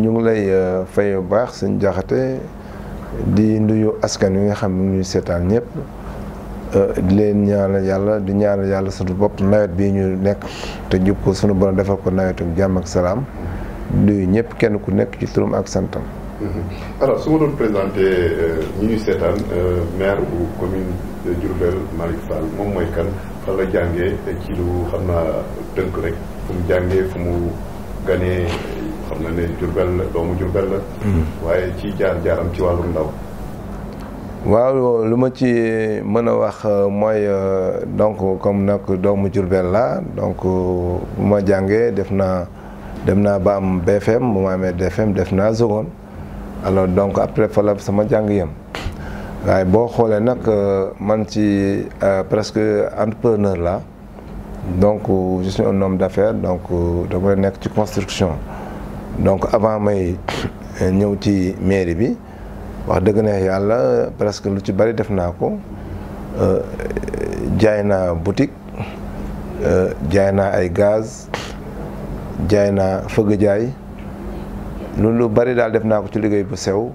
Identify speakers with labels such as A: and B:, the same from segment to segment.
A: ñu ngi lay euh, fay bu baax suñ jaxate di nduyu askan wi nga xam ne ñuy seetaan ñëpp euh, di leen ñaanal yàlla di ñaanal yàlla suñu bopp nawet bii ñu nekk te jub ko suñu borom defal ko nawetu jàmm ak salaam nuyu ñëpp kenn ku nekk ci turam ak santam. Mm-hmm.
B: alors su ma doon présenté euh, ñi ñuy seetaan maire bu commune de Diourbel Malick Fall moom mooy kan fan la jàngee ci lu xam naa tënk rek fu mu jàngee fu mu ganee. xam na ne Jurbel la doomu Jurbel la hmm. waaye ci jaar-jaaram ci wàllu ndaw
A: waaw lu ma ci mën a wax euh, mooy euh, donc comme nag doomu Jurbel la donc euh, bu ma jàngee def naa dem naa ba am BFM bu ma amee DFM def naa seconde alors donc après fa la sama jàng yam waaye boo xoolee nag man ci presque entrepreneur la donc je suis un homme d'affaires donc dama nekk ci construction donc avant may euh, ñëw ci mairie bi wax dëgg neex yàlla presque lu ci bari def naa ko euh, jaay naa boutique euh, jaay naa ay gaz jaay naa fëgg jaay lu lu bari daal def naa ko ci liggéey bu sew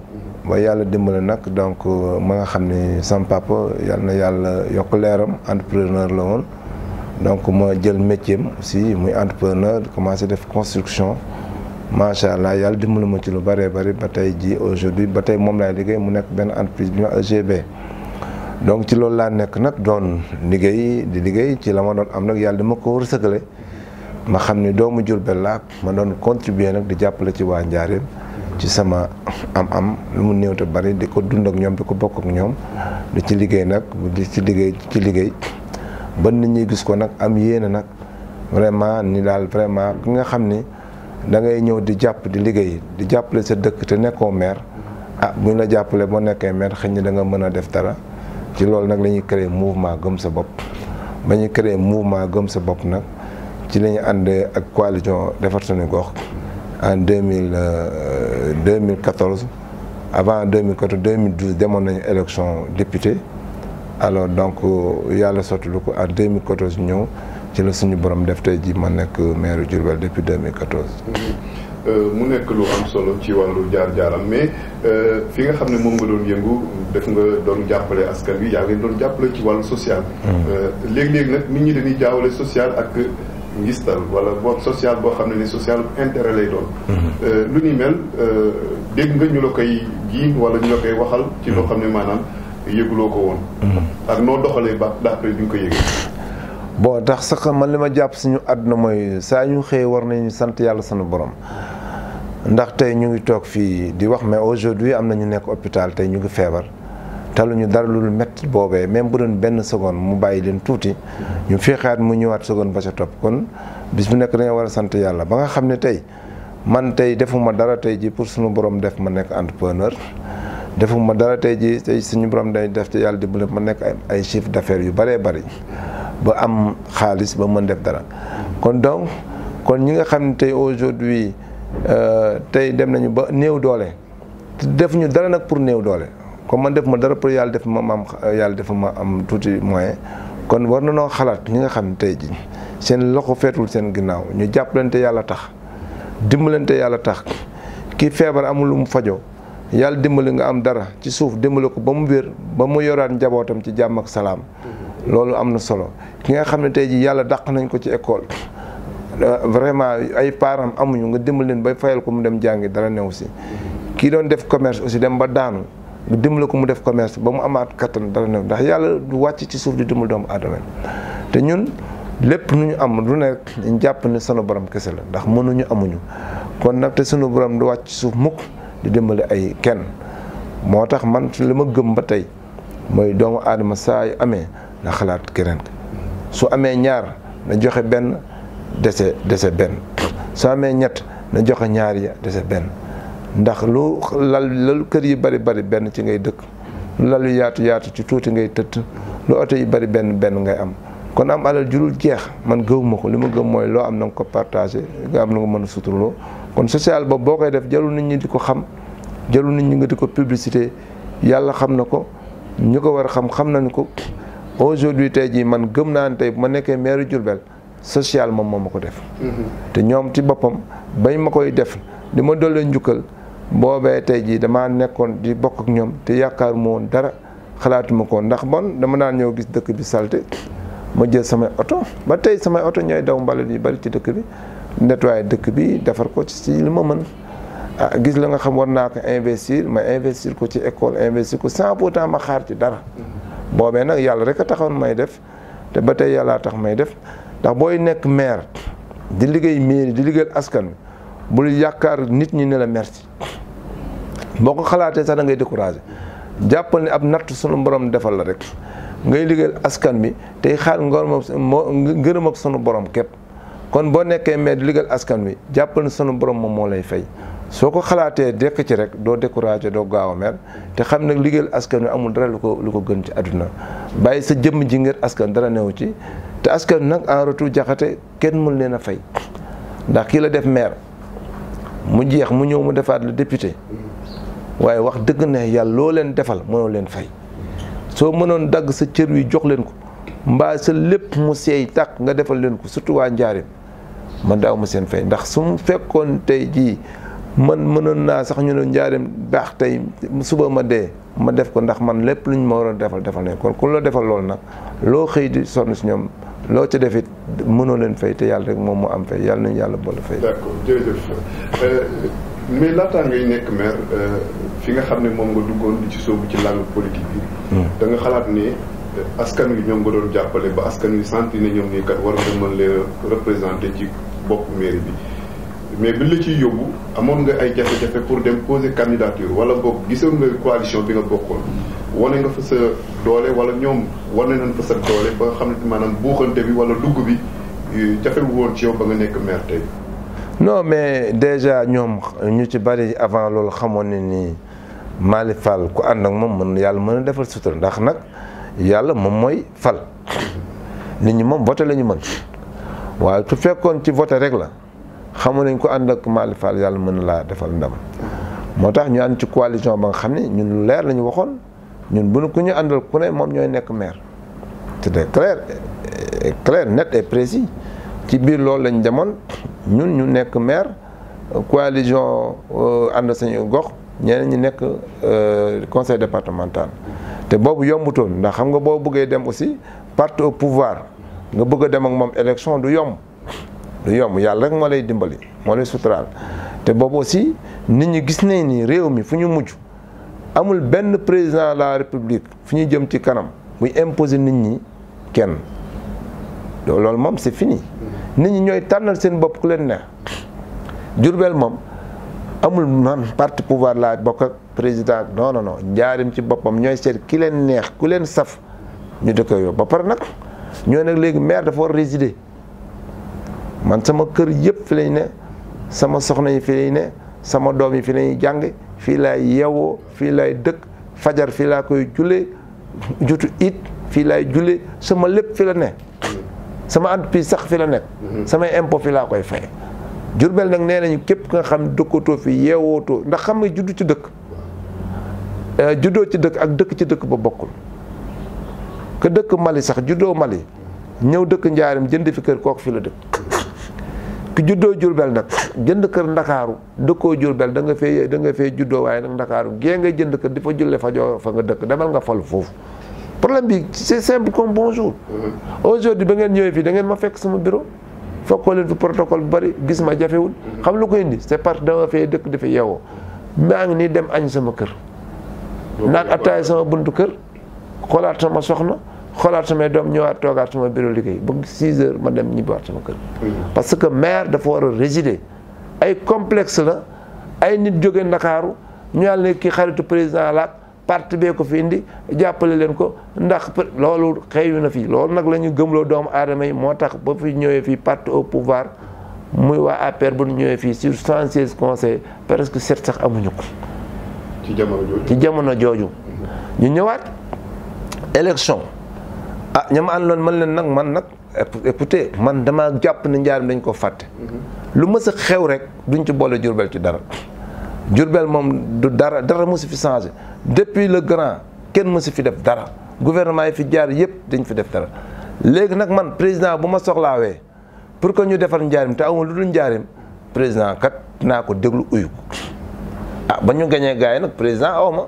A: ba yàlla dimbale nag donc ma nga xam ni sama papa yàlla na yàlla yokk leeram entrepreneur la woon donc ma jël métier aussi muy entrepreneur commencé def construction macha allah yàlla dimbalu ma ci lu bëree bari ba tey ji aujourd'hui ba tey moom laay liggéey mu nekk benn entreprise bi ñu EGB donc ci loolu laa nekk nag doon liggéey di liggéey ci la ma doon am nag yàlla dama ko wërsëgale ma xam ni doomu Jurbel laa ma doon contribuer nag di jàppale ci waa Njaareem ci sama am-am lu mu néew bari di ko dund ak ñoom di ko bokk ak ñoom di ci liggéey nag di ci liggéey ci liggéey ba nit ñi gis ko nag am yéene nag vraiment ni daal vraiment ki nga xam ni. da ngay ñëw di jàpp di liggéey di jàppale sa dëkk te nekkoo maire ah bu ñu la jàppale boo nekkee maire xëy na da nga mën a def dara ci loolu nag la ñuy créer mouvement gëm sa bopp ba ñu créer mouvement gëm sa bopp nag ci la ñu ànd ak coalition defar suñu gox en deux mille euh, deux mille quatorze avant deux mille quatorze deux mille douze demoon nañu élection député alors donc euh, yàlla sotti lu ko à deux mille quatorze ñëw. ci la suñu borom def te ji ma nekk maire Diourbel depuis 2014.
B: Euh, mu nekk lu am solo ci wàllu jaar-jaaram mais euh, fi nga xam ne moom nga doon yëngu def nga doon jàppale askan wi yaa ngi doon jàppale ci wàllu social. Hmm. Euh, léeg-léeg nag nit ñi dañuy jaawale sociale ak ngistal wala boog social boo xam ne ni social intérêt lay doon. Hmm. lu ni mel dégg nga ñu la koy jiin wala ñu la koy waxal. ci loo hmm. xam ne maanaam yëguloo ko woon. ak noo doxalee ba d'après bi nga ko yëgee.
A: boo tax sax man li ma jàpp suñu àdduna mooy saa ñu xëyee war nañu sant yàlla sunu borom ndax tey ñu ngi toog fii di wax mais aujourd'hui am na ñu nekk hôpital tey ñu ngi feebar taluñu dara lu métti boobee même bu doon benn seconde mu bàyyi leen tuuti ñu feexaat mu ñëwaat seconde ba ca topp kon bis bu nekk da war a sant yàlla ba nga xam ne tey man tey defuma dara tey ji pour suñu borom def ma nekk entrepreneur defuma dara tey jii tey suñu borom day def ci yàlla dimbali ma nekk ay chiffre d'affaires yu bëree bëri ba am xaalis ba mën def dara kon donc kon ñi nga xam ne tey aujourd'hui euh, tey dem nañu ba néew doole def ñu dara nag pour néew doole comme man def ma dara pour yàlla def ma am yàlla def ma am tuuti moyen kon war na noo xalaat ñi nga xam ne tey jii seen loxo feetul seen ginnaaw ñu jàppalante yàlla tax dimbalante yàlla tax ki feebar amul lu fajo yàlla dimbali nga am dara ci suuf dimbali ko ba mu wér ba mu yoraat njabootam ci jàmm ak salaam. Mm-hmm. loolu am na solo ki nga xam ne tey jii yàlla daq nañ ko ci école. Euh, vraiment ay parents amuñu nga dimbali leen ba fayal ko mu dem jàngi dara new si. Mm-hmm. kii doon def commerce aussi dem ba daanu nga dimbali ko mu def commerce ba mu amaat kattan dara new ndax yàlla du wàcc ci suuf di dimbali doomu aadama te ñun lépp nu ñu am lu nekk ñu jàpp ne sunu borom kese la ndax mënuñu amuñu kon nag te sunu wàcc ci suuf mukk di dimbali ay kenn moo tax man li ma gëm ba tey mooy doomu aadama saa yu amee na xalaat keneen su amee ñaar na joxe benn dese dese benn su amee ñett na joxe ñaar ya dese benn ndax lu lal lalu kër yi bari bari benn ci ngay dëkk lu lalu yaatu yaatu ci tuuti ngay tëtt lu oto yi bari benn benn ngay am kon am alal jurul jeex man gëwuma ko li ma gëm mooy loo am na nga ko partagé nga am na nga mën a suturloo kon social boobu boo koy def jarul nit ñi di jëlu nit ñu nga di ko publicité yàlla xam na ko ñu ko war a xam xam nañu ko aujourd'hui tey jii man gëm naa ne tey bu ma nekkee maire Diourbel social moom moo ma ko def. Mm-hmm. te ñoom ci boppam bañ ma koy def di ma dollee njukkal boobee tey jii dama nekkoon di bokk ak ñoom te yaakaar mu dara xalaatuma ko ndax bon dama daan ñëw gis dëkk bi salte ma jël samay oto ba tey samay oto ñooy daw mbalit yi bari ci dëkk bi nettoyé dëkk bi defar ko ci li ma mën. ah gis la nga xam war naa ko investir ma investir ko ci école investir ko sans pourtant ma xaar ci dara boobee nag yàlla rek a taxoon may def te ba tey yàllaa tax may def ndax booy nekk maire di liggéey mairie di liggéeyal askan bul yaakaar nit ñi ne la merci boo ko xalaatee sax da ngay jàppal ne ab natt sunu borom defal la rek ngay liggéeyal askan bi tey xaar ngor moo ngërëm ak sunu borom képp kon boo nekkee maire di liggéeyal askan wi jàppal ne sunu borom moom moo lay fay soo ko xalaatee dekk ci rek doo découragé doo gaaw a mer te xam nag liggéeyal askan wi amul dara lu ko lu ko gën ci àdduna bàyyi sa jëmm ji ngir askan dara newu ci te askan nag en jaxate kenn mën leen a fay ndax kii la def maire mu jeex mu ñëw mu defaat le député waaye wax dëgg ne yàlla loo leen defal mënoo leen fay soo mënoon dagg sa cër wi jox leen ko mbaa sa lépp mu seey tàq nga defal leen ko surtout waa njaarim man daaw ma seen fay ndax su mu fekkoon jii man mënoon naa sax ñu ne njaareem baax tey suba ma dee ma def ko ndax man lépp lu ñu ma war a defal defal ne kon ku la defal loolu nag loo xëy di sonn si ñoom loo ca defit mënoo leen fay yàlla rek moom moo am fay yàlla nañu yàlla boole fay.
B: d'accord jërëjëf euh, mais laataa ngay nekk maire euh, fi nga xam ne moom nga duggoon di ci sóobu ci langue politique bi. Hmm. danga nga xalaat ne euh, askan wi ñoom nga doon jàppale ba askan wi sentir ne ñoom nii kat war nga mën leen représenter ci bopp mairie bi. mais bi la ciy yóbbu amoon nga ay jafe-jafe pour dem poser candidature wala boog gisoon nga coalition bi nga bokkoon wane nga fa sa doole wala ñoom wane nañ fa sa doole ba nga xam ne maanaam buuxante bi wala dugg bi jafewu woon ci yow ba nga nekk maire tey.
A: non mais déjà ñoom ñu ci bari avant loolu xamoon ne ni Mali Fall ku ànd ak moom mën yàlla mën a defal sutura ndax nag yàlla moom mooy fal nit ñi moom voté la ñu mën waaye su fekkoon ci voté rek la. xamu nañ ko ànd ak Malick Fall yàlla mën laa defal ndam moo tax ñu ànd ci coalition ba nga xam ne ñun lu leer lañu waxoon ñun bu ku ñu àndal ku ne moom ñooy nekk maire c'était clair eh, clair net et précis ci biir loolu lañ demoon ñun ñu nekk maire coalition euh, ànd sañu gox ñeneen ñi nekk euh, conseil départemental te boobu yombutoon ndax xam nga boo bëggee dem aussi parti au pouvoir nga bëgg a dem ak moom élection du yomb du yomb yàlla rek moo lay dimbali moo lay suturaal te boobu aussi nit ñi gis nañ nii réew mi fu ñu mujj amul benn président la république fu ñuy jëm ci kanam buy imposer nit ñi kenn loolu moom c'est fini nit ñi ñooy tànnal seen bopp ku leen neex Jurbel moom amul man parti pouvoir laa bokk ak président non non ci boppam ñooy seet ki leen neex ku leen saf ñu dëkk yow ba pare nag ñoo nag léegi maire dafa war résider man sama kër yëpp fi lañ ne sama soxna yi fi lañ ne sama doom yi fi lañuy jàng fii laay yeewoo fii lay dëkk fajar fii laa koy julle jutu it fii laay julle sama lépp fi la ne sama entreprise sax fi la nekk mhm. samay impôt fi laa koy fay Jurbel nag nee nañu képp nga xam dëkkatoo fi yeewootoo ndax xam nga juddu ci dëkk euh, juddoo ci dëkk ak dëkk ci dëkk ba bokkul que dëkk Mali sax juddoo Mali ñëw dëkk njaarim jënd fi kër kook fi la dëkk ku juddoo Jurbel nag jënd kër Ndakaaru dëkkoo Jurbel da nga fee da nga fee juddoo waaye nag Ndakaaru gée nga jënd kër di fa julle fa fa nga dëkk demal nga fal foofu problème bi c'est simple comme bonjour
B: mm-hmm.
A: aujourd'hui ba ngeen ñëwee fii da ngeen ma fekk sama bureau fekkoo leen fi protocole bu bari gis ma jafewul mm-hmm. xam lu ko indi c'est parce que dama fee dëkk dafa yeewoo maa ngi nii dem añ sama kër naan attaay sama buntu kër xoolaat sama soxna xoolaat samay doom ñëwaat toogaat sama bureau liggéey ba 6 heures ma dem ñibbiwaat sama kër. parce que maire dafa war a résider. ay complexe la ay nit jóge ndaxaaru ñu yàlla ne kii xaritu président laak part bee ko fi indi jàppale leen ko ndax loolu xëyu na fii loolu nag lañuy ñu gëmloo doomu aadama yi moo tax ba fi ñëwee fii parti au pouvoir muy waa APR bu ñu ñëwee fii sur 76 conseils presque sept sax amuñu ko. ci jamono jooju ci jamono jooju. ñu ñëwaat élection. ah ña ma àndoon man leen nag man nag écoutez man dama jàpp ne njaaram dañ ko fàtte mhm. lu mës a xew rek duñ ci boole jurbel ci dara jurbel moom du dara dara mosu fi changé depuis le grand kenn mosu fi def dara gouvernement yi fi jaar yëpp dañ fi def dara léegi nag man président bu ma soxlaawee pour que ñu defar njaarim te amul lu dul njaarim président kat naa ko déglu uyu ah ba ñu gañee gars yi nag président aw ma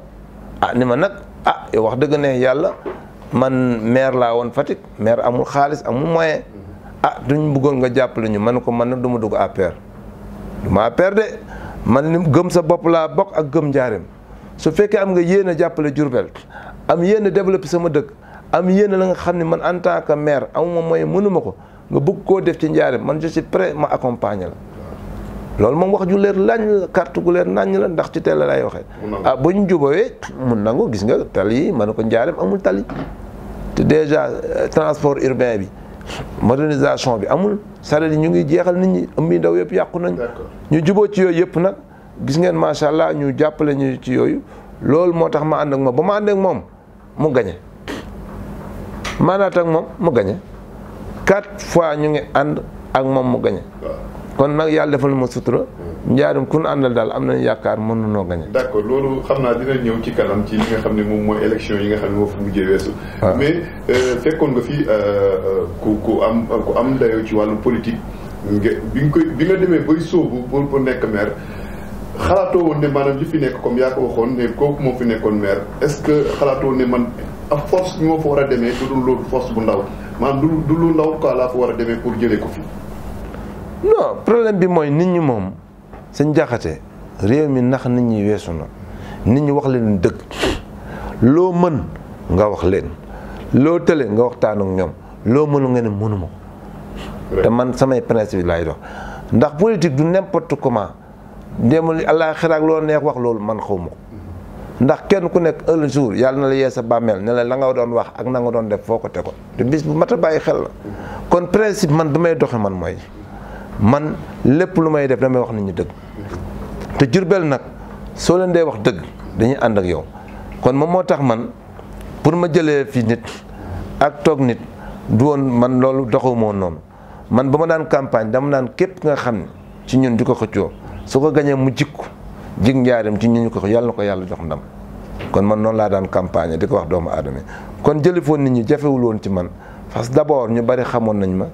A: ah ni ma nag ah wax dëgg ne yàlla man maire laa woon Fatick maire amul xaalis amul moyen ah duñ buggoon nga jàppale ñu man ko man na du ma dugg APR du ma APR de man li gëm sa bopp laa bokk ak gëm njaareem su fekkee am nga yéen a jàppale Diourbel am yéen a développé sama dëkk am yéen la nga xam ne man en tant que maire amuma moyen mënuma ko nga bugg koo def ci njaareem man je si prêt ma accompagner la. loolu moom wax ju leer lañ kart carte gu leer nañ la ndax ci télé lay waxee. ah bu ñu jubawee mun nangu gis nga tali yi mën na ko njaareem amul te déjà euh, transport urbain bi modernisation bi amul sareet yi ñu ngi jeexal nit ñi ëmb yi ndaw yëpp yàqu nañ ñu juboo ci yooyu yëpp nag gis ngeen macha allah ñu jàppale ñu ci yooyu lool moo tax ma ànd ak moom ba ma ànd ak moom mu gañe maanaat ak moom mu gañe quatre fois ñu ngi ànd ak moom mu gañe kon nag yàlla defal ma sutura mm. njaarim ku nu àndal daal am nañu yaakaar mën na noo gañe
B: d' accord loolu xam naa dina ñëw ci kanam ci li nga xam ne moom mooy élection yi nga xam ne moo fi mujjee weesu ah. mais euh, fekkoon nga fi euh, euh, ku ku am ku am ci wàllu politique nga bi nga koy bi nga demee bay sóobu pour pour nekk maire xalaatoo woon ne maanaam li fi nekk comme yaa ko waxoon ne kooku moo nekkoon maire est ce que xalaatoo ne man a force bi moo fa war a demee du dul loolu force bu ndaw maanaam du du lu ndaw quoi laa fa war a demee pour jëlee ko fi
A: non problème bi mooy nit ñi moom sëñ jaxate réew mi nax nit ñi weesu na nit ñi wax leen dëkk loo mën nga wax leen loo tële nga waxtaan ak ñoom loo mënul nga ne mënuma ko te man samay principe laay dox ndax politique du n'importe comment demul allah xiraak loo neex wax loolu man xaw ma ko ndax kenn ku nekk un jour yàlla na la yee sa bàmmeel ne la la nga doon wax ak na nga doon def foo ko te tegoon te bis bu mat a bàyyi xel la kon principe man bi may doxe man mooy man lépp lu may def damay wax nit ñi dëgg te Jurbel nag soo leen dee wax dëgg dañuy ànd ak yow kon moom moo tax man pour ma jëlee fi nit ak toog nit du woon man loolu doxumoo noonu man ba ma daan campagne dama naan képp nga xam ne ci ñun di ko xëccoo su ko gañee mu jikku jig njaaram ci ñun ko yàlla ko yàlla jox ndam kon man noonu laa daan campagne di ko wax doomu aadama kon jëlee foon nit ñi jafewul woon ci man parce que d'abord ñu bari xamoon nañ ma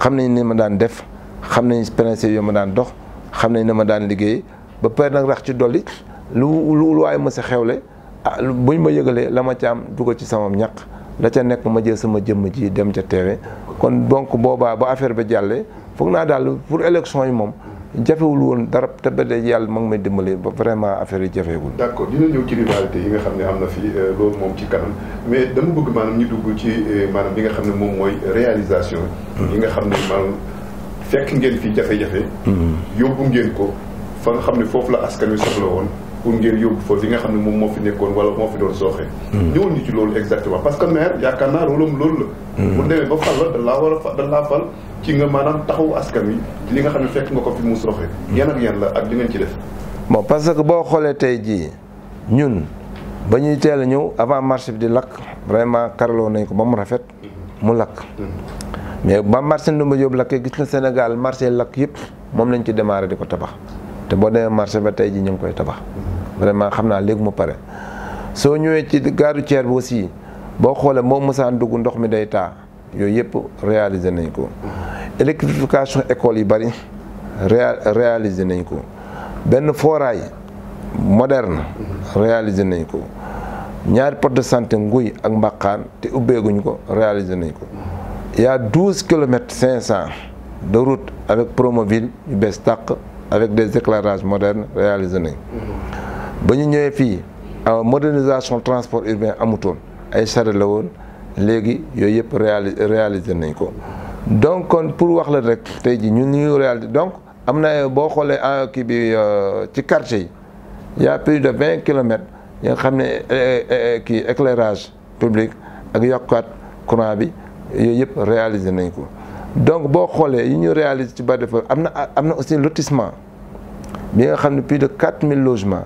A: xam nañ ni ma daan def. xam nañ principe yi ma daan dox xam nañ na ma daan liggéey ba pare nag rax ci dolli lu lu lu waaye ma sa xewle ah buñ ma yëgalee la ma ca am dugal ci sama ñaq la ca nekk ma jël sama jëm ji dem ca teewe kon donc boobaa ba affaire ba jàllee foog naa daal pour élection yi moom jafewul woon dara te ba de yàlla ma ngi may dimbali ba vraiment affaire yi jafewul.
B: d' accord dina ñëw ci rivalité yi nga xam ne am na fii euh, loolu moom ci kanam mais dama bëgg maanaam ñu dugg ci euh, maanaam li nga xam ne moom mooy réalisation. yi nga xam fekk ngeen fi jafe-jafe. Hmm. yóbbu ngeen ko fa nga xam ne foofu la askan wi soxla woon pour ngeen yóbbu fa li nga xam ne moom moo fi nekkoon wala moo fi doon sooxe. Hmm. ñëwoon ñu ci loolu exactement parce que maire yaakaar naa rôlam loolu la. bu hmm. demee ba fal la da laa a fa da laa fal ci nga maanaam taxawu askan wi li nga xam ne fekk nga ko fi mu sooxe. yan ak yan la ak li ngeen ci def.
A: bon parce que boo xoolee tey jii ñun ba ñuy teel a ñëw avant marché bi di lakk vraiment karaloo nañ ko ba mu rafet mu lakk. mais ba marché Ndoumbé Diop lakkee gis nga Sénégal marché lakk yëpp moom lañ ci démarré di ko tabax te boo demee marché ba tey ji ñu ngi koy tabax vraiment xam naa léegi mu pare soo ñëwee ci gare routière bi aussi boo xoolee moom mosaan dugg ndox mi day taa yooyu yëpp réaliser nañ ko électrification école yi bëri réaliser nañ ko benn forage moderne réalisé nañ ko ñaari poste de santé nguy ak mbaqaan te ubbeeguñ ko réaliser nañ ko il y a 12 kilomètres 500 de route avec Promoville yu bees tàq avec des éclairages modernes réaliser nañ ba ñu ñëwee fii modernisation transport urbain amutoon ay charrette la woon léegi yooyu yëpp réali réalisé nañ ko donc kon pour wax la rek tey ji ñun ñu réalisé donc am na boo xoolee en ah, kii bi euh, ci quartier yi y a plus de vingt kilomètres yi nga xam ne euh, euh, kii éclairage public ak yokkaat courant bi yooyu yëpp réaliser nañ ko donc boo xoolee yi ñu réaliser ci Baie Dieuffer am na am na aussi lotissement bi nga xam ne plus de 4000 logements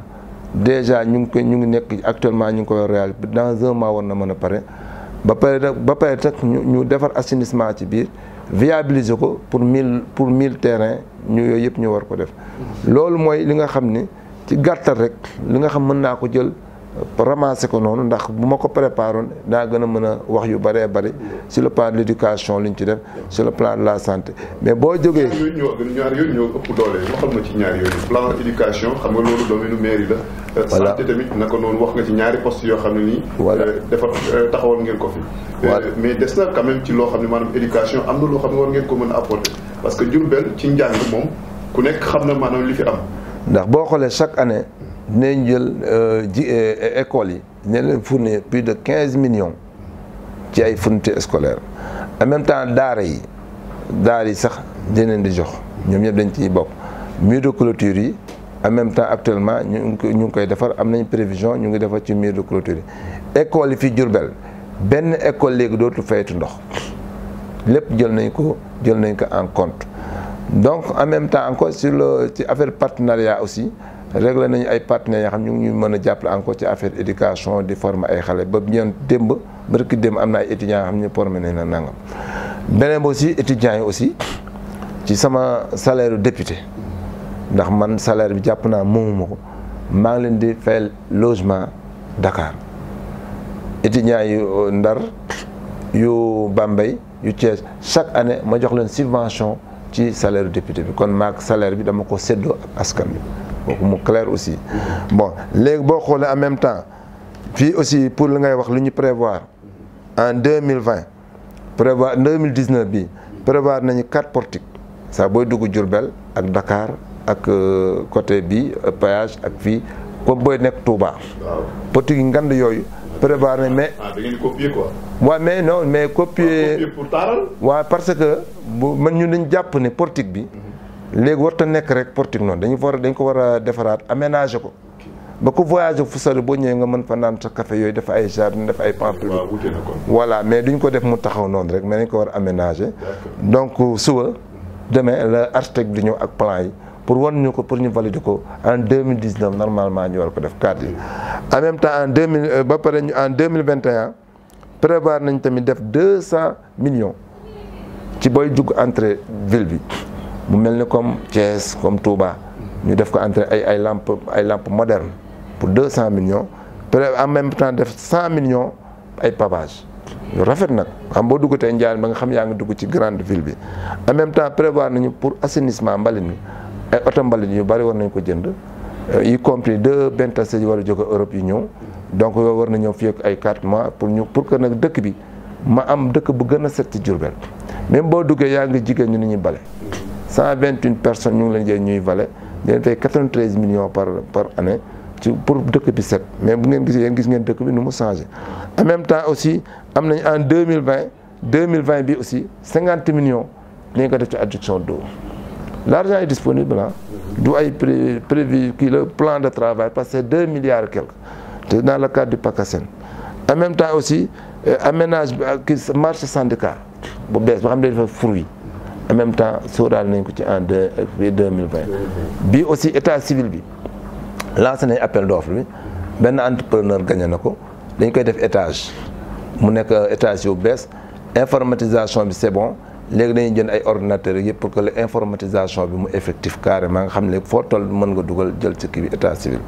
A: déjà ñu ngi koy ñu ngi nekk actuellement ñu ngi koy réaliser dans un mois war na mën a pare ba pare nag ba pare nag ñu ñu defar assainissement ci biir viabiliser ko pour mille pour mille terrain ñu yooyu yëpp ñu war ko def mm-hmm. loolu mooy li nga xam ni ci gàttal rek li nga xam mën naa ko jël ramasser ko noonu ndax bu ma ko préparé woon daa gën a mën a wax yu bëree bëri sur le plan de l' ñu ci def sur le plan la santé mais boo jógee.
B: ñaar yooyu ñoo ëpp doole waxal ma ci ñaar yooyu plan éducation xam nga loolu domaine mairie la. Euh, santé tamit naka noonu wax nga ci ñaari post yoo xam ne nii. voilà euh, dafa euh, taxawoon ngeen ko fi. mais des na quand ci loo xam ne maanaam éducation am na loo xam ne war ngeen ko mën a apporter parce que Diourbel ci njàng moom ku nekk xam na maanaam li fi am.
A: ndax boo xoolee chaque année. dinañ jël euh, ji euh, écoles yi dinañ leen fournir plus de quinze millions ci ay fournitures scolaire en même temps daara yi daara yi sax dinañ di jox ñoom ñëpp dañ ciy bokk mur de clôture yi en même temps actuellement ñu ñu ngi koy defar am nañ prévision ñu ngi defar ci mur de clôture yi écoles yi fii Diourbel benn école léegi dootul faytu ndox lépp jël nañ ko jël nañ ko en compte donc en même temps encore sur le ci affaire partenariat aussi réglé nañu ay partenaires yoo xam ñu ngi mën a jàppale encore ci affaire éducation di former ay xale ba ñeent démb barki démb am na ay étudiants yoo xam ne formé nañ nangam beneen aussi étudiants yi aussi ci sama salaire député ndax man salaire bi jàpp naa moomuma ko maa ngi leen di fayal logement Dakar étudiants yi Ndar yu Bambey yu Thiès chaque année ma jox leen subvention ci salaire député bi kon maag salaire bi dama ko séddoo ak askan bi kooku mu clair aussi. bon léegi boo xoolee en même temps fii aussi pour li ngay wax lu ñu prévoir en deux mille vingt prévoir deux mille dix neuf bii prévoir nañu quatre portiques saa booy dugg jurbel ak Dakar ak euh, côté bi euh, péage ak fii comme booy nekk Touba. portique yi ngand yooyu. prévoir nañ mais ah da ngeen mais non mais ah, copier. copier pour taaral. waaw parce que bu man ñu dañ jàpp ne portique bi. Mhm. léegi warut a nekk rek portique noonu dañu war dañ ko war a defaraat aménager ko ba ko voyager fu sori boo ñëwee nga mën fa naan sa café yooyu dafa ay jardin dafa ay pan public voilà mais duñ ko def mu taxaw noonu rek mais dañ ko war aménager donc suba demain la architecte di ñëw ak plan yi pour wan ñu ko pour ñu valider ko en deux mille dix neuf normalement ñu war ko def cadre yi en même temps en deux euh, ba pare ñu en deux mille vingt nañ tamit def deux cent millions ci booy dugg entrée ville bi mu mel ni comme Thiès comme Touba ñu def ko entre ay ay lampe ay lampe moderne pour deux cent millions peut en même temps def cent millions ay pavage yu rafet nag xam boo dugg tey Ndiaye ba nga xam yaa ngi dugg ci grande ville bi en même temps prévoir nañu pour assainissement mbalit mi ay oto mbalit yu bari war nañ ko jënd euh, y compris deux bentas yi war a jóge Europe yi ñëw donc war na ñëw fii ak ay quatre mois pour ñu pour que nag dëkk bi ma am dëkk bu gën a set ci Diourbel boo duggee yaa ngi jigéen ñu ni ñuy bale 121 personnes ñu ngi leen jël ñuy vale dina fay 93 millions par par année ci pour dëkk bi set mais bu ngeen gisee yéen gis ngeen dëkk bi nu mu changé en aussi am nañ en 2020 2020 bi aussi 50 millions li nga ko def ci adduction d'eau l'argent est disponible ah du ay pré prévu kii la plan de travail parce que deux milliards quelque te dans le cadre e même temps aussi euh, aménage bi euh, ak marché syndicat bu bees boo xam ne dafa fruit en même temps sóoraal nañ ko ci en bi deux mille vingt bii aussi état civil bi lancé nañ appel d'offre bi benn entrepreneur gagné na ko dañ koy def étage mu nekk étage wu bees informatisation bi c'est bon léegi dañuy jënd ay ordinateurs yëpp pour que l'informatisation bi mu effectif carrément nga xam ne foo toll mën nga dugal jël ci kii bi état civil.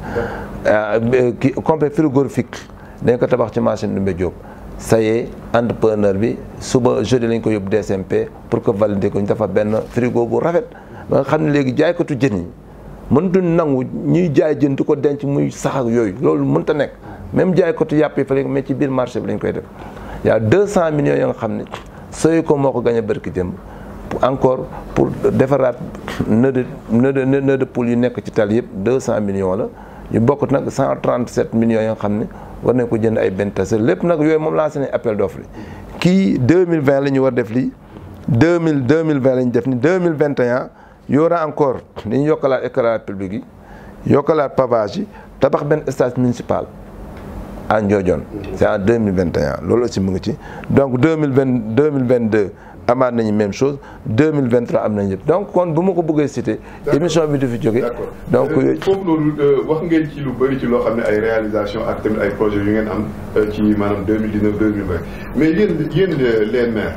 A: Euh, kii complet frigorifique dañ ko tabax ci machine Ndoumbé Diop. ça y est entrepreneur bi suba jeudi lañ ko yóbbu DSMP pour que valider ko ñu dafa benn frigo bu rafet ba nga xam ne léegi jaaykatu jën yi tu nangu ñuy jaay jën di ko denc muy sax ak yooyu loolu mënta nekk même jaaykatu yàpp yi fa lañ ci biir marché bi lañ koy def y'a deux cent millions yoo nga xam ne sooy ko moo ko gañ a bërki jëm encore pour defaraat nœud de nœud de poule yu nekk ci tal yëpp deux cent millions la ñu bokk nag cent trente sept millions yoo nga xam ne war nañ ko jënd ay benn tase lépp nag yooyu moom lancé nañ appel d'offre yi kii 2020 la ñu war def lii 2000 2020 la ñu def ni 2021 y aura encore dañuy yokkalaat éclairage public yi yokkalaat pavage yi tabax benn stade municipal à Ndiodione c'est en 2021 loolu aussi mu ngi ci donc 2020 2022 amaan nañu même chose 2023 am nañu yëpp donc kon bu ma ko bëggee cité. émission bi du fi jóge. donc euh,
B: euh, foofu loolu euh, wax ngeen ci lu bëri ci loo xam ne ay réalisation ak tamit ay projets yu ngeen am ci maanaam 2019 2020 mais yéen yéen les maires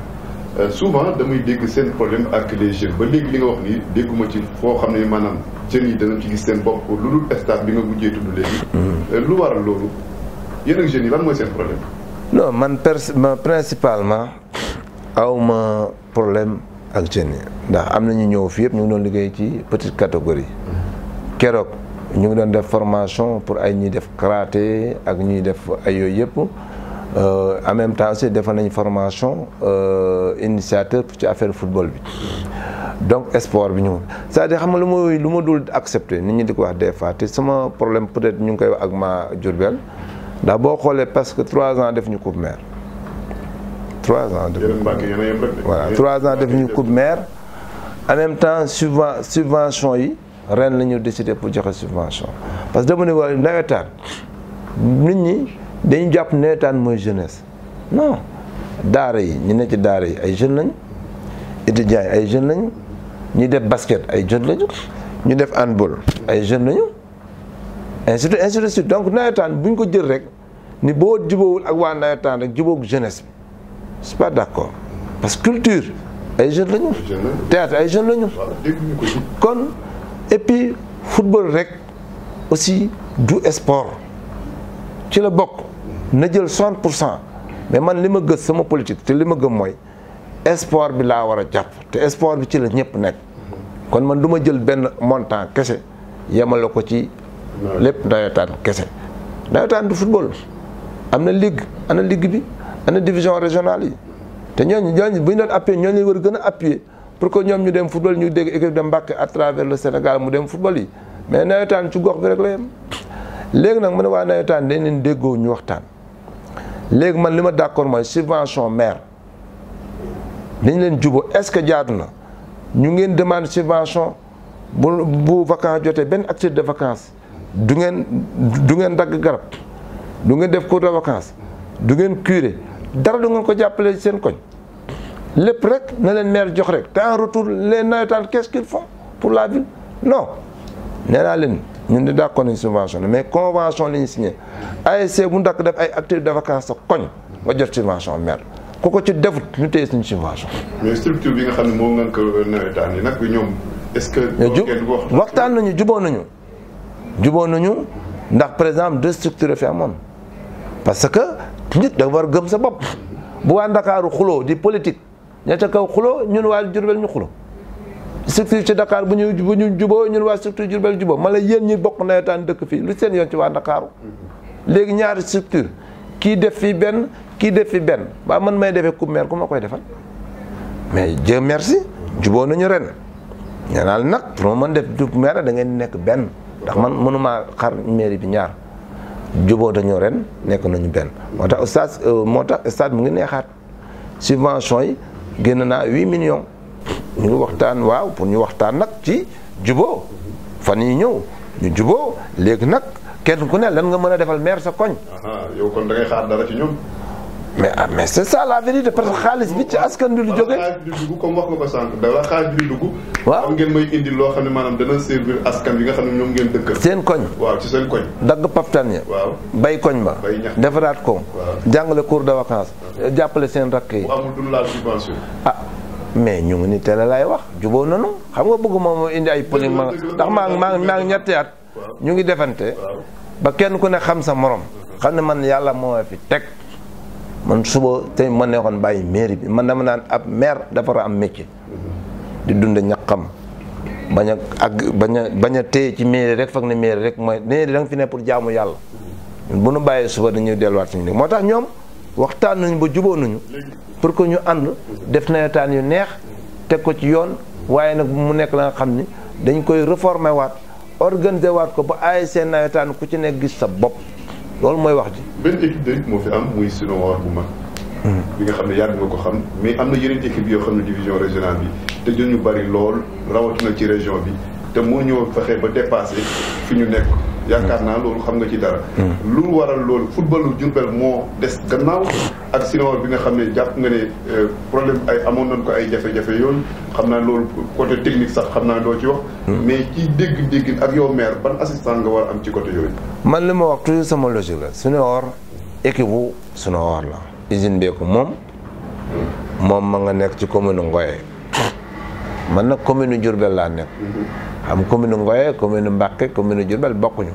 B: souvent damay dégg seen problème ak les jeunes ba léegi li nga wax nii dégguma ci foo xam ne maanaam jeunes yi dana ci gis seen bopp lu dul stade bi nga mujjee tudd léegi. Hmm. lu waral loolu yéen ak jeunes yi lan mooy seen
A: problème. non man awma problème ak jeunes ndax am na ñu ñëw fii yëpp ñu ngi doon liggéey ci petite catégorie keroog ñu ngi doon def formation pour ay ñuy def karaté ak ñuy def ay yooyu yëpp euh, en même temps aussi defal nañu formation euh, initiateur ci affaire football bi donc sport bi ñu cest xam nga lu ma lu ma dul accepté nit ñi di ko wax des fois te sama problème peut-être ñu ngi koy wax ak ma Diourbel ndax boo xoolee parce que trois ans def ñu coupe maire trois ans def trois ans def ñu coupe maire en même temps subven subvention yi ren la ñu décidé pour joxe subvention parce que dama ne waa nawetaan nit ñi dañu jàpp nawetaan mooy jeunesse non daara yi ñu ne ci daara yi ay jeunes lañu étudiants yi ay jeunes lañu ñu def basket ay jeunes lañu ñu def handball ay jeunes lañu ainsi de suite de suite donc nawetaan bu ko jël rek ni boo jubóowul ak waa nawetaan rek jubóog jeunesse bi je suis pas d'accord parce que culture ay jeunes la ñu. ay jeunes la ñu. kon et puis football rek aussi du sport ci la bokk na jël 60 pour cent mais man li ma gës sama politique te li ma gëm mooy sport bi laa war a jàpp te sport bi ci la ñëpp nekk kon man du ma jël benn montant kese yemale ko ci lépp nawetaan kese nawetaan du football am na ligue ana ligue bi. ana division régionale yi te ñooñu ñooñu bu ñu doon appuyer ñooñu war gën a appuyer pour que ñoom ñu dem football ñu dégg équipe de Mbacké à travers le Sénégal mu dem football yi mais nawetaan ci gox bi rek la yem. léegi nag mu ne waa nawetaan dañ leen déggoo ñu waxtaan léegi man li ma d'accord mooy subvention maire dañ leen jubóo est-ce que jaadu na ñu ngeen demande subvention bu bu vacance jotee benn acteur de vacance du ngeen du ngeen dagg garab du ngeen def cours de vacance du ngeen curé. dara du ngeen ko jàppale seen koñ lépp rek na leen maire jox rek te en retour les nawetaan qu'est-ce qu'ils font pour la ville non nee naa leen ñun di d'accord nañ subvention mais convention la ñu signé ASC bu ndakk def ay activités de vacances sa koñ nga jot subvention maire ku ko ci defut ñu téye suñu subvention.
B: mais structure bi nga
A: xam ne moo ngeen ko
B: nawetaan yi nag ñoom est-ce que.
A: waxtaan nañu juboo nañu. juboo nañu ndax par exemple de structures fi amoon nit da war gëm sa bopp bu waa Ndakaaru xuloo di politique ña ca kaw xuloo ñun waa Jurbel ñu xuloo structure ci dakaar bu ñu bu ñu juboo ñun waa structure Jurbel juboo ma la yéen ñi bokk nawetaan dëkk fii lu seen yoon ci waa Ndakaaru léegi ñaari structure kii def fii benn kii def fi benn ba man may defee coupe maire ku ma koy defal mais Dieu merci juboo nañu ren ñanaal nag pour ma mën def coupe maire da ngeen nekk benn ndax man mënumaa xar mairie bi ñaar juboo dañoo ren nekk nañu benn moo tax stade euh, moo tax stade mu ngi neexaat subvention yi génn naa huit million ñu ngi waxtaan waaw pour ñu waxtaan nag ci jubo fan yi ñëw ñu juboo léegi nag kenn ku ne lan nga mën a defal maire sa koñ. yow kon da ngay dara ci ñun. mais ah mais c'est ça la vérité parce que xaalis bi ci askan bi lu jógee. xaalis bi dugg comme wax
B: nga ko may indi loo xam ne maanaam dana servir askan bi nga xam ne ñoom ngeen
A: dëkkal. seen koñ.
B: waaw ci seen koñ.
A: dagg paftan ya. bay koñ ba. ñax defaraat ko. waaw jàngale cours de vacances. jàppale seen rakk yi. bu
B: amul dund laal subvention.
A: ah mais ñu ngi ni teel a laay wax jubóo nanu xam nga bëgguma moo indi ay poli ma ndax maa ngi maa ngi maa ngi ñetti at. ñu ngi defante. ba kenn ku ne xam sa moroom xam ne man yàlla moo fi teg man suba tey ma neexoon bàyyi mairie bi man dama naan ab maire dafa am métier. di dund ñaqam bañ ak bañ a bañ a téye ci mairie rek foog ne mairie rek mooy mairie da fi ne pour jaamu yàlla. bu nu bàyyee suba dañuy delluwaat suñu moo tax ñoom waxtaan nañu ba juboo nañu pour que ñu ànd def nawetaan yu neex teg ko ci yoon waaye nag mu nekk la nga xam ni dañ koy réformer waat organiser waat ko ba seen nawetaan ku ci nekk gis sa bopp loolu mooy wax ji. benn équipe de moo fi am
B: muy sino war bu mag hmm. bi nga xam ne yàgg nga ko xam mais am na yeneen équipe yoo xam ne division régionale bi te ñu bari lool rawatina ci région bi te moo ñëw fexee ba dépassé fi ñu nekk yaakaar naa loolu xam nga ci dara lu waral loolu footballu Jurbel moo des gannaaw ak sinon bi nga xam ne jàpp nga ne euh, problème ay amoon nañ ko ay jafe-jafe yooyu xam naa loolu côté technique sax xam naa doo ci wax hmm. mais ci dégg-dégg ak yow maire ban assistant nga war a am ci côté yooyu
A: man li ma wax toujours sama logique la suñu or équipe bu suñu la usine beeku moom moom ma nga nekk ci commune Ngoye man nag commune Diourbel laa nekk hmm. xam commune Ngoye commune Mbacké commune Diourbel bokkuñu.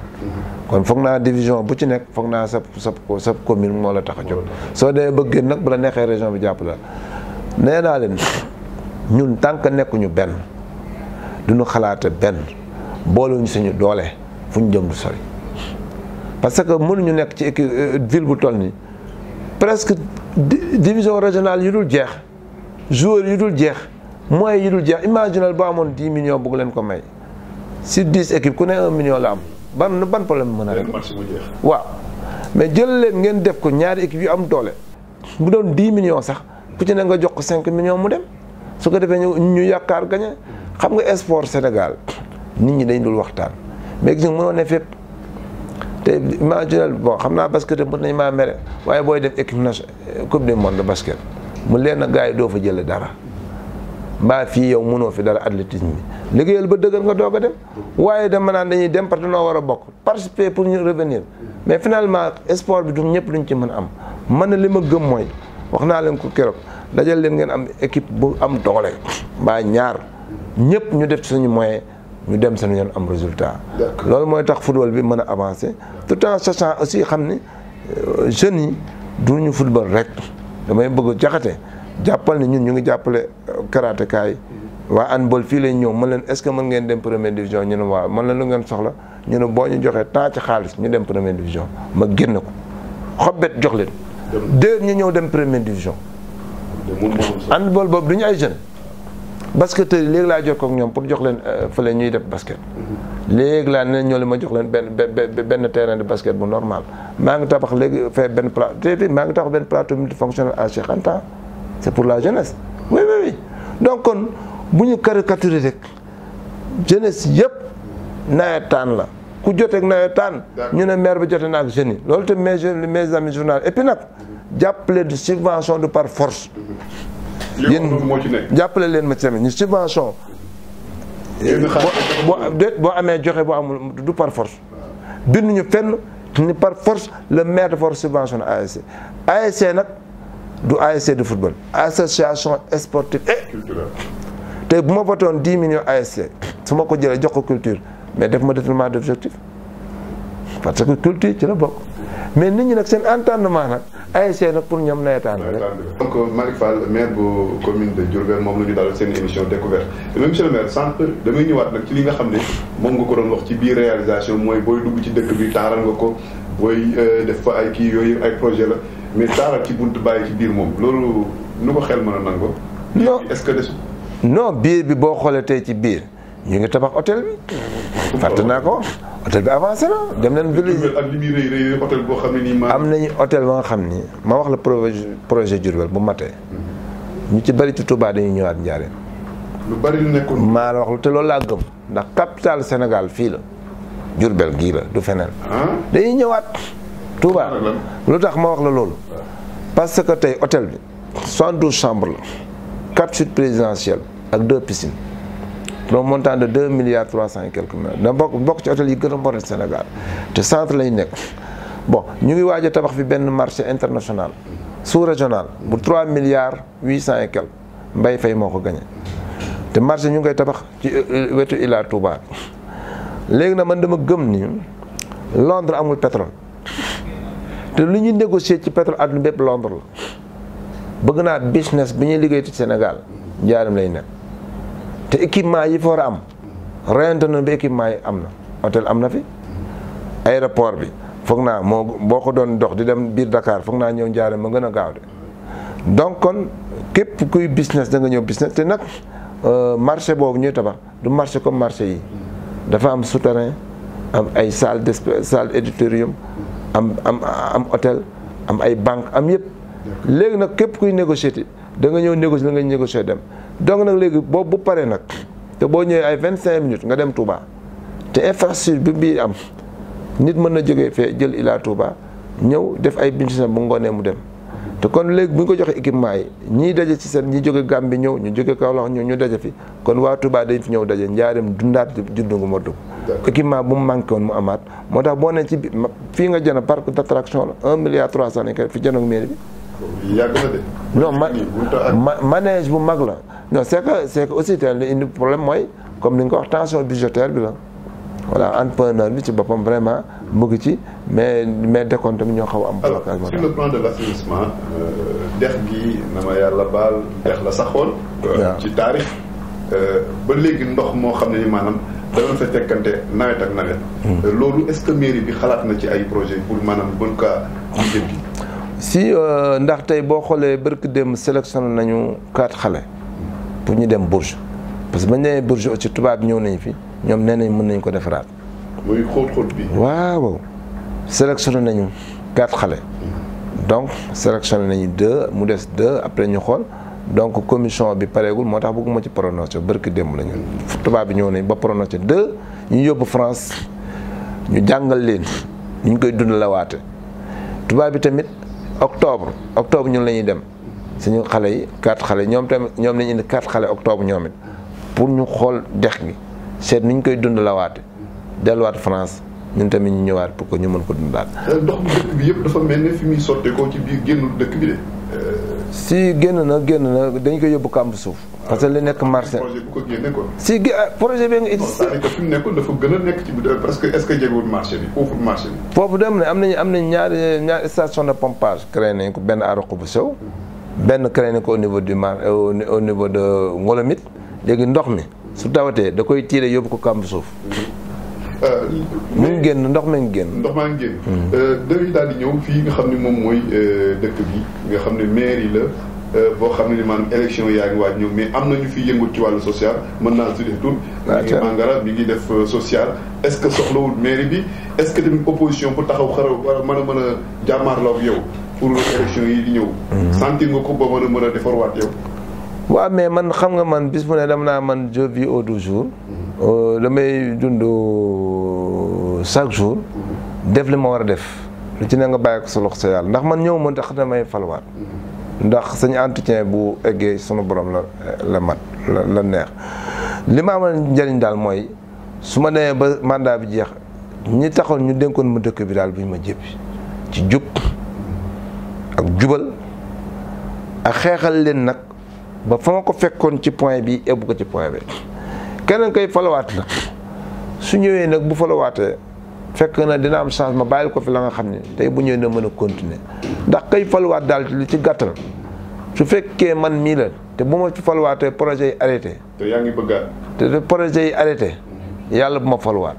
A: kon foog naa division bu ci nekk foog naa sa sa sa commune moo la tax a jóg. soo dee bëggee nag bu la neexee région bi jàpp la nee naa leen ñun tànk nekkuñu benn duñu xalaate benn booluñu suñu doole fu ñu jëm du sori parce que mënuñu nekk ci euh, ville bu toll nii presque division régionale yu dul jeex joueur yu dul jeex moyens yu dul jeex imaginal boo amoon di millions bëgg leen ko may. si dix équipes ku ne un million la am ban ban problème mën a rek waaw mais jël leen ngeen def ko ñaari équipe yu am doole bu doon dix million sax ku ci ne nga jox ko cinq million mu dem su ko defee ñu ñu yaakaar gañe xam nga esport Sénégal nit ñi dañ dul waxtaan mais gis nga mënoo ne fépp te imaginal bon xam naa basket mën nañ maa mere waaye booy def équipe nationale coupe du monde basket mu leen a gars yi doo fa jële dara mbaa fii yow mënoo fi dara athlétisme bi liggéeyal ba dëgër nga doog a dem waaye dama naan dañuy dem parce que war a bokk participer pour ñu revenir mais finalement sport bi du ñëpp luñ ci mën am man na li ma gëm mooy wax naa leen ko keroog dajal leen ngeen am équipe bu am doole baa ñaar ñëpp ñu def ci suñu moyen ñu dem seen yoon am résultat loolu mooy tax football bi mën a avancer tout en sachant aussi xam ne euh, jeunes yi duñu football rek damay bëgg jaxate jàppal ne ñun ñu ngi jàppale euh, karatéka yi waa handball fii lañ ñëw mën leen est ce que mën ngeen dem première division ñu ne waaw mën leen lu ngeen soxla ñu ne boo ñu joxee temps ci xaalis ñu dem première division ma génn ko xobbet jox leen déer ñu ñëw dem première division handball boobu du ñu ay jeune basketteurs yi léegi laa jox ak ñoom pour jox leen euh, fële ñuy def basket léegi laa ne ñoo li ma jox leen benn benn terrain de basket bu normal maa ngi tabax léegi fee benn plateau maa ngi tabax benn plateau multifonctionnel à Cheikh Anta c'est pour la jeunesse oui oui oui donc kon bu ñu caricaturer rek jeunesse yëpp nawetaan la ku joteeg nawetaan ñu ne maire bi jote na ak jeunes yi loolu te mes jeunes mes amis journal et puis nag jàppale de subvention de par force yéen jàppale leen ma ci ñu subvention boo boo amee joxe boo amul du par force binduñu fenn ni par force le maire de force subvention ASC ASC nag du ASC de football association sportive et te bu ma votoon dix millions ASC su ma ko jëlee jox ko culture mais def ma détournement d'objectif parce que culture ci la bokk mais nit ñi nag seen entendement nag ASC nag pour ñoom nawetaan la rek.
B: donc Malick Fall maire bu commune de Diourbel moom la ñu daal seen émission découverte même monsieur le maire sànq damay ñëwaat nag ci li nga xam ne moom nga ko doon wax ci biir réalisation mooy booy dugg ci dëkk bi taaral nga ko booy euh, def fa ay kii yooyu ay la. mais taaral ci bunt bàyyi ci biir moom loolu nu ko xel mën a nangoo. non est-ce que desul.
A: non biir bi boo xoolee tey ci biir ñu ngi tabax hôtel bi. fàtte naa ko hôtel bi avancé na dem ne Diourbel ak li muy rëy hôtel boo xam ne nii am nañu hôtel ba nga xam ni ma wax la pro projet Diourbel bu matee. Mhm. ñu ci bari ci Touba dañuy ñëwaat Njaareem. lu bari lu nekkoon. maa la wax lu te loolu laa gëm ndax capitale Sénégal fii la Diourbel gii la du feneen. Ah. dañuy ñëwaat. Touba lu tax ma wax la loolu parce que tey hôtel bi 112 chambres la quatre suites présidentielles ak deux piscines donc montant de deux milliards trois cent et quelques millions da bokk bokk ci hôtel yi gën a bon Sénégal te centre lay nekk bon ñu ngi waaj a tabax fi benn marché international sous régional bu trois milliards huit cent mbay fay moo ko gagné te marché ñu ngi koy tabax ci euh, euh, wetu Ila Touba léegi na man dama gëm ni Londres amul pétrole te lu ñuy négocier ci pétrole àdduna bépp Londres la bëgg naa business bi ñuy liggéey ci Sénégal njaaram lay nekk te équipement yi fa a am reyante na bi équipement yi am na hôtel am na fi aéroport bi foog naa moo boo ko doon dox di dem biir dakaar foog naa ñëw njaaram ma gën a gaaw de donc kon képp kuy business da nga ñëw business te nag euh, marché boobu ñuy tabax du marché comme marché yi dafa am souterrain am ay salle d' salle auditorium am am am hôtel am ay banque am yëpp léegi nag képp kuy négocier ti da nga ñëw négocier la nga négocier dem donc nag léegi boobu bu paree nag te boo ñëwee ay vingt cinq minutes nga dem Touba te infrastructure bi bii am nit mën na jóge fee jël Ila Touba ñëw def ay business bu ngoonee mu dem te kon léegi bu ñu ko joxee équipement yi ñiy daje ci seen ñi jóge Gàmbi ñëw ñu jóge Kaolack ñëw ñu daje fi kon waa Touba dañ fi ñëw daje njaareem dundaat juddu gu motu équipement bu mu manqué woon mu amaat moo tax boo ne ci fii nga jënd parc d'attraction la un milliard trois cent nañ ko fi jënd ak mairie bi yàgg na de ma manège bu mag la non c'est que c'est que aussi te indi problème mooy comme ni nga ko wax tension budgétaire bi la voilà entrepreneur bi ci boppam vraiment mu bëgg ci mais mais décompte bi ñoo xaw am. blocage alors sur de l'
B: assainissement euh, dex gi na ma yàlla baal dex la saxoon. Euh, ci taarix. Euh, ba léegi ndox moo xam ne ni maanaam danoon fekkante nawet ak nawet. Hmm. loolu est-ce que mairie bi xalaat na ci ay projet pour maanaam bën kaa jëm gi.
A: si ndax tey boo xoolee barki démb sélectionné nañu quatre xale. pour ñu dem Bourges parce que bañ nee Bourges aussi tubaab ñëw nañu fii ñoom nee nañ mën nañ ko defaraat. muy xóot-xóot bi. waaw sélectionné nañu quatre xale. donc sélectionné nañu deux mu des deux après ñu xool donc commission bi pareegul moo tax bëgguma ci prononcé barki démb lañu. tubaab bi ñëw nañ ba prononcé deux ñu yóbbu France ñu jàngal leen ñu koy dund la waate tubaab bi tamit octobre octobre ñun la ñuy dem suñu xale yi quatre xale ñoom tamit ñoom la ñuy indi quatre xale octobre ñoom pour ñu xool dex gi. seet ni ñu koy dundalawaate delluwaat France ñun tamit ñëwaat pour que ñu mën ko dundaat.
B: ndox mu yëpp dafa mel ne fi muy ci biir génnul
A: dëkk bi de. si génn na génn na dañ koy yóbbu kàmb suuf. parce que li nekk marché projet bu ko génne quoi. Ah, projet bi nga.
B: c'est-à-dire parce que est que jegewul marché bi foofu marché bi.
A: foofu dem na am nañu am nañu ñaari ñaari station de pompage créé nañ ko benn aroq bu sew. benn créé nañ ko au niveau du mar euh, au niveau de Ngolomit léegi ndox mi. su tawatee da koy tiire yóbbu ko kamb suuf. Euh, mu ngi génn ndox ma ngi génn. ndox maa ngi génn. Hmm.
B: Euh, dañuy daal ñëw fii nga xam ni moom mooy euh, dëkk bi nga xam ne mairie la. boo xam ne maanaam élection yaa ngi waaj ñëw mais am na ñu fi yëngut ci wàllu social mën naa su def tur. Ah, mi ngi Mangara bi ngi def social. est-ce que soxlawul mairie bi est-ce que tamit opposition bu taxaw xaraw mën a mën a jàmmaarloo yow pour élection yi di ñëw. Hmm. sentir nga ko ba mën a mën a defarwaat
A: waaw mais man xam nga man bis mu ne dama naa man je vis au jour mm-hmm. euh, la may dund euh, chaque jour def li ma war a def lu ci ne nga bàyyi ko sa loxo sa yàlla ndax man ñëw ma tax damay falwaat mm-hmm. ndax sañ entretien bu eggee sunu borom la la mat la neex li ma amal njëriñ daal mooy su ma demee ba mandat bi jeex ñi taxoon ñu dénkoon ma dëkk bi daal bu ñu ma jéppi ci jub ak jubal ak xeexal leen nag ba fa ma ko fekkoon ci point bi yóbbu ko ci point bi keneen kay falawaat la su ñëwee nag bu falawaatee fekk na dina am chance ma bàyyil ko fi la nga xam ne tey bu ñëwee na mën a continuer ndax kay falawaat daal lu ci gàttal su fekkee man mii la te bu ma ci falawaatee projet yi arrêté. yaa ngi bëggaat. te projet yi yàlla bu ma falawaat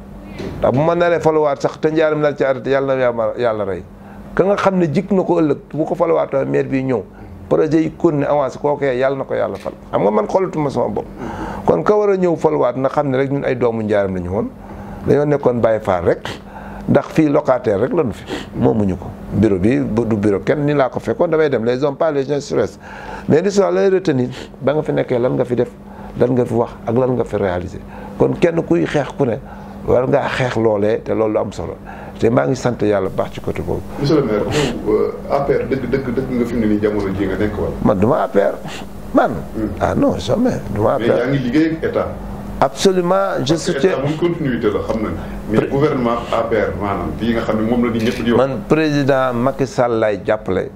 A: ndax bu ma naree falawaat sax te njaaram nar ci arrêté yàlla na yàlla rey ka nga xam ne jik na ko ëllëg bu ko falawaatee maire bi ñëw. projet yi kon ne avancé kookee yàlla na ko yàlla fal am nga man xoolatuma sama bopp kon ka war a ñëw falwaat na xam ne rek ñun ay doomu njaaram la ñu woon dañoo nekkoon bàyyi faal rek ndax fii locataire rek la nu fi moomuñu ko bureau bi du bureau kenn ni laa ko fekkoon damay dem les hommes pas les gens stress mais l'histoire lay retenir ba nga fi nekkee lan nga fi def lan nga fi wax ak lan nga fi réaliser kon kenn kuy xeex ku ne war ngaa xeex loolee te loolu am solo te maa ngi sant yàlla baax ci côté boobu.
B: monsieur euh, dëgg dëgg dëgg nga fi mu ne ji nga
A: ma APR hmm. ah ma APR. mais yaa ngi
B: liggéey ak xam nañ. mais gouvernement APR maanaam nga xam ne moom la nit ñëpp di wax.
A: président Macky Sall laay jàppale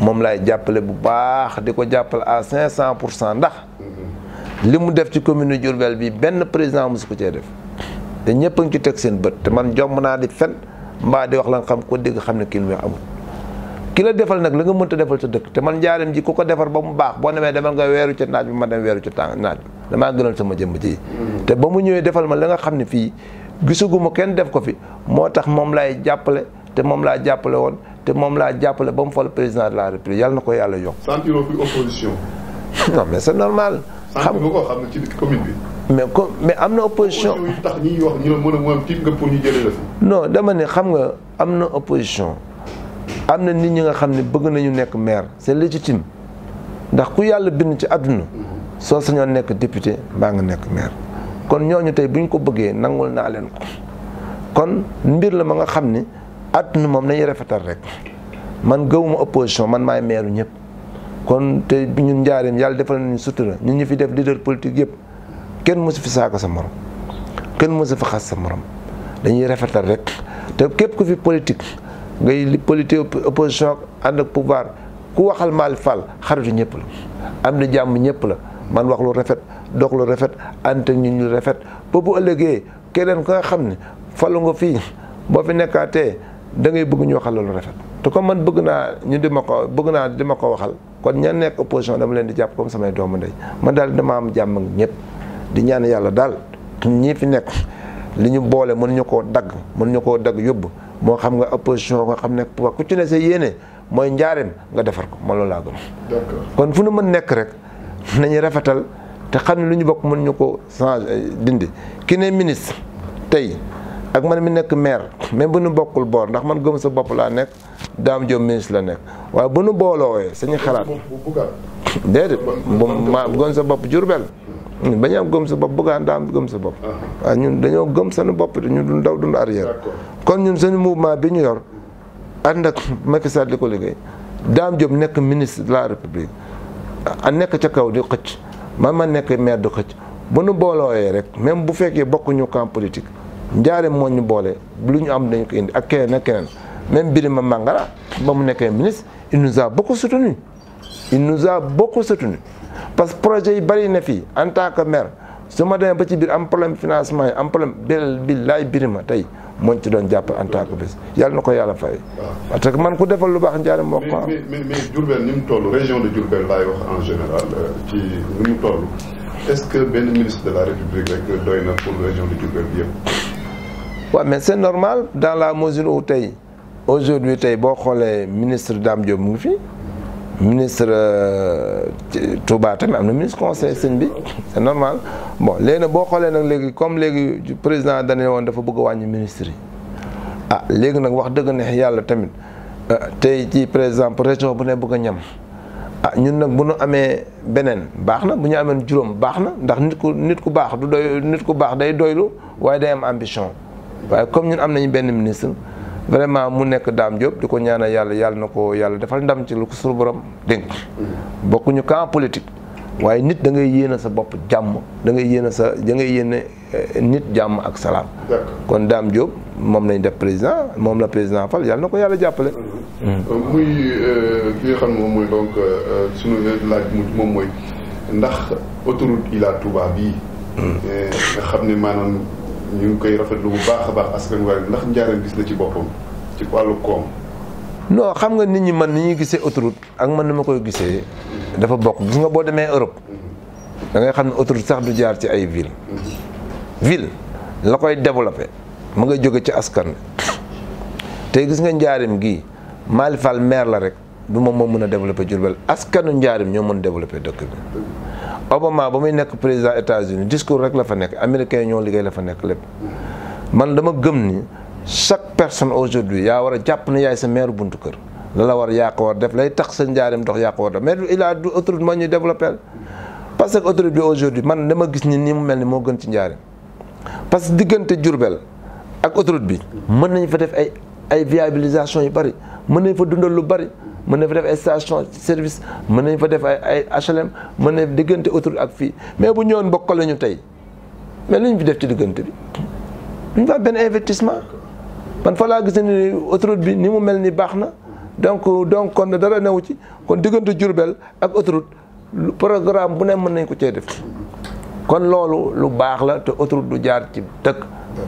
A: moom laay jàppale bu baax di ko jàppale à 500 pour cent ndax. Hmm. li mu def ci commune Diourbel bi benn président mosu ko cee def. te ñëpp a ci teg seen bët te man jomm naa di fen mbaa di wax la nga xam ko dégg xam ne kii lu muy amul ki la defal nag la nga mënta defal sa dëkk te man njaareem ji ko ko defar ba mu baax boo demee demal nga weeru ca naaj bi ma dem weeru ci tàng naaj bi damaa gënal sama jëmm ji mm. te ba mu ñëwee defal ma la nga xam ne fii gisuguma kenn def ko fi moo tax moom laay jàppale te moom laa jàppale woon te moom laa jàppale ba mu fal président la république yàlla na ko yàlla yokk. sentiroo fi opposition. non mais c'est normal. xam nga ci commune bi. mais comme mais am na opposition. tax ñuy wax ñu ne pour ñu jëlee la non ne xam nga am na opposition am na nit ñi nga xam ne bëgg nañu nekk maire c'est légitime ndax ku yàlla bind ci àdduna mhm. soo sañoon nekk député baa nga nekk maire kon ñooñu tey bu ñu ko bëggee nangul naa leen ko kon mbir la ma nga xam ni àdduna moom nañuy rafetal rek man gëwuma opposition man maay maire ñëpp kon tey bi ñun njaareem yàlla defal nañu sutura ñun ñu fi def leader politique yëpp. kenn mosu fi saaga sa morom kenn mosu fi xas sa morom dañuy rafetal rek te képp ku fi politique ngay politique opposition ànd ak pouvoir ku waxal Malick Fall xaritu ñëpp la am na jàmm ñëpp la man wax lu rafet dox lu rafet ante ñu ñun ñu rafet ba bu ëllëgee keneen ko nga xam ne falu nga fii boo fi nekkaatee da ngay bëgg ñu waxal la lu rafet. te ko man bëgg naa ñu di ma ko bëgg naa di ma ko waxal kon ña nekk opposition dama leen di jàpp comme samay doomu ndey man daal dama am jàmm ñëpp. di ñaan yàlla daal ñi fi nekk li ñu boole mën ñu koo dagg mën ñu koo dagg yóbbu moo xam nga opposition nga xam ne pouvoir ku ci ne sa yéene mooy njaareem nga defar ko ma loolu laa gëm. d'accord kon fu nu mën nekk rek nañu rafetal te xam ne lu ñu bokk mën ñu ko changer dindi ki ne ministre tey ak ne mi nekk maire mais bu nu bokkul boor ndax man gëm sa bopp laa nekk daam jom ministre la nekk waaye bu nu booloowee suñu xalaat déedéet ma sa bopp Jurbel ñun ba ñu am gëm sa bopp bëggaan daa am gëm sa bopp waaw ah. ah, ñu dañoo gëm seen bopp da ñu duñ daw duñ arrière kon ñun suñu mouvement bi ñu yor ànd ak Macky Sall di ko liggéey Dame Diop nekk ministre de la République a nekk ca kaw di xëcc ma ma nekk maire di xëcc bu nu boolooyee rek même bu fekkee bokkuñu camp politique njaare moo ñu boole lu ñu am dañu ko indi ak keneen ak keneen même Birima Mangara ba mu nekkee ministre il nous a beaucoup soutenu il nous a parce que projet yi bëri na fii en tant que maire su ma demee ba ci biir am problème financement yi am problème bel bi laay birima tey mooñ ci doon jàpp en tant que yàlla na ko yàlla fay. waaw parce que man ku defal lu baax njaare moo am.
B: mais mu toll région de Diourbel laay wax euh, est-ce que benn ministre de la République rek doy na pour région de Diourbel bi yëpp.
A: waaw mais c'est normal dans la mesure tey aujourd'hui tey boo xoolee ministre Dame Diop mu ngi fii ministre euh, Touba tamit am na ministre conseil sëñ bi c'est normal bon léegi nag boo xoolee nag léegi comme léegi président dane woon dafa bëgg a wàññi ministre yi ah léegi nag wax dëgg neex yàlla tamit euh, tey ci président exemple région bu ne bëgg a ñam ah ñun nag bu nu amee beneen baax na bu ñu amee juróom baax na ndax nit ku nit ku baax du doy nit ku baax day doylu waaye day am ambition waaye comme ñun am nañu benn ministre vraiment mu nekk daam Diop di ko ñaana yàlla yàlla na ko yàlla defal ndam ci lu ko suñu borom dénk bokkuñu camp politique waaye nit da ngay yéene sa bopp jàmm dangay ngay yéene sa da yéena eh, nit jàmm ak salaam. kon Dame Diop moom lañ def président moom la président fal yàlla na ko yàlla jàppale. Euh, muy
B: euh, ki nga xam moom mooy euh, hmm. eh, ne maanaam. ñu ngi koy rafet lu bu baax a baax askan waaye ndax njaareem gis na ci boppam ci wàllu koom.
A: no xam nga nit ñi man ni ñuy gisee autoroute ak man ni ma koy gisee dafa bokk gis nga boo demee Europe mhm. da ngay xam ne autoroute sax du jaar ci ay ville mhm. ville la koy développé mu ngay jóge ci askan te gis nga njaarim gi Malick Fall la rek du moom moo mën a développé Diourbel askanu njaarim ñoo mën développé dëkk Obama ba muy nekk président États-Unis discours rek la fa nekk américains ñoo liggéey la fa nekk lépp man dama gëm ni chaque personne aujourd'hui yaa war a jàpp ne yaay sa maire buntu kër la la war yaa ko war def lay tax sa njaarim ndox yaa ko war def mais il a du autorité moo ñuy développé parce que bi aujourd'hui man dama gis ni nii mu mel ni moo gën ci njaarim parce que diggante Diourbel ak autorité bi mën nañ fa def ay ay viabilisation yu bari mën nañ fa dundal lu bari mën nañ fa def ay station service mën nañ fa def ay ay HLM mën nañ diggante autoroute ak fii mais bu ñëwoon mbokk ñu tey mais lu ñu fi def ci diggante bi duñ fa benn investissement man fa laa gis ni autoroute bi ni mu mel ni baax na donc donc kon dara newu ci kon diggante Diourbel ak autoroute programme bu ne mën nañ ko cee def kon loolu lu baax la te autoroute du jaar ci dëkk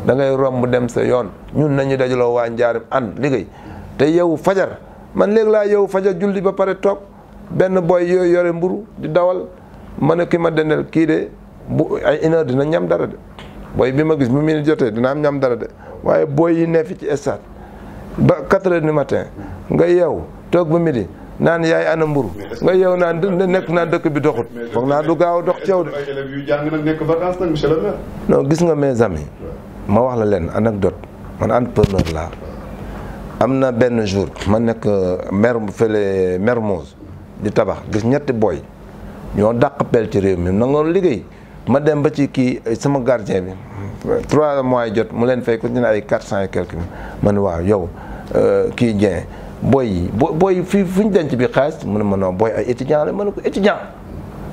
A: da ngay romb dem sa yoon ñun nañu dajaloo waa njaarim ànd liggéey te yow fajar man léegi laa yow faja julli ba pare toog benn booy yooyu yore mburu di dawal ma ne ki ma dendel kii de bu ay une heure dina ñam dara de boy bi ma gis mu mii jotee dina am ñam dara de waaye booy yi ne fi ci stade ba 4 heures du matin nga yeew toog ba midi naan yaay ana mburu nga yeew naan nekk naan dëkk bi doxut foog naa du gaaw dox ceew de non gis nga mes amis ma wax la leen anecdote man entrepreneur laa am na benn jour ma nekk euh, mer fële Mermoz di tabax gis ñetti booy ñoo daq pel ci réew mi nangoon liggéey ma dem ba ci kii euh, sama gardien bi trois mois yi jot mu leen fay ko ñu ne ay quatre cent et quelque mille ma ne waaw yow euh, kii Dieng booy boo booy fii fu ñu denc bi xaalis mu ne ma non booy ay étudiant la ma ne ko étudiant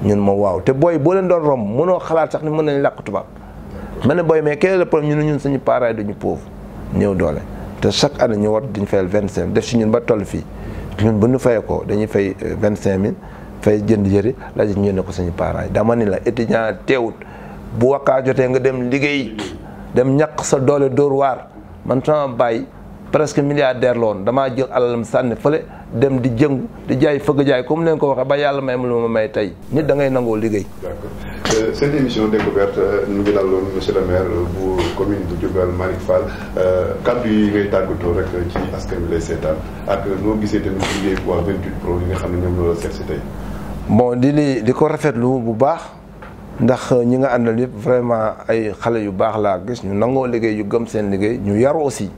A: ñun ma waaw te booy boo leen doon romb mënoo xalaat sax ni mën nañ làkk tubaab ma ne booy mais quel est le problème ñu ne ñun suñu parents duñu pauvre doole te chaque année ñu war dañu fayal vingt cinq def si ñun ba toll fii ñun bu ñu fayee ko dañuy fay euh, vingt cin mille fay jënd yëri laaj ñu ne ko suñu parents yi dama ni la étudiant teewut bu wakkaa jotee nga dem liggéey dem ñàkk sa doole dóor waar man sama bàyyi presque milliardaire la woon damaa jël alalam sànni fële dem di jëngu di jaay fëgg jaay comme leen ko waxee ba yàlla may ma lu ma may tey nit dangay nangoo liggéey.
B: seen émission découverte euh, ñu ngi daloon monsieur le maire bu commune bu Diourbel Malick Fall euh, kàddu yi ngay tàggatoo rek ci askan wi lay seetaan ak noo gisee tamit liggéey bu waa 28
A: pro xam ne ñoom loolu si tey. bon di li di ko rafetlu bu baax ndax ñi nga àndal yëpp vraiment ay xale yu baax laa gis ñu nangoo liggéey yu gëm seen liggéey ñu yaru aussi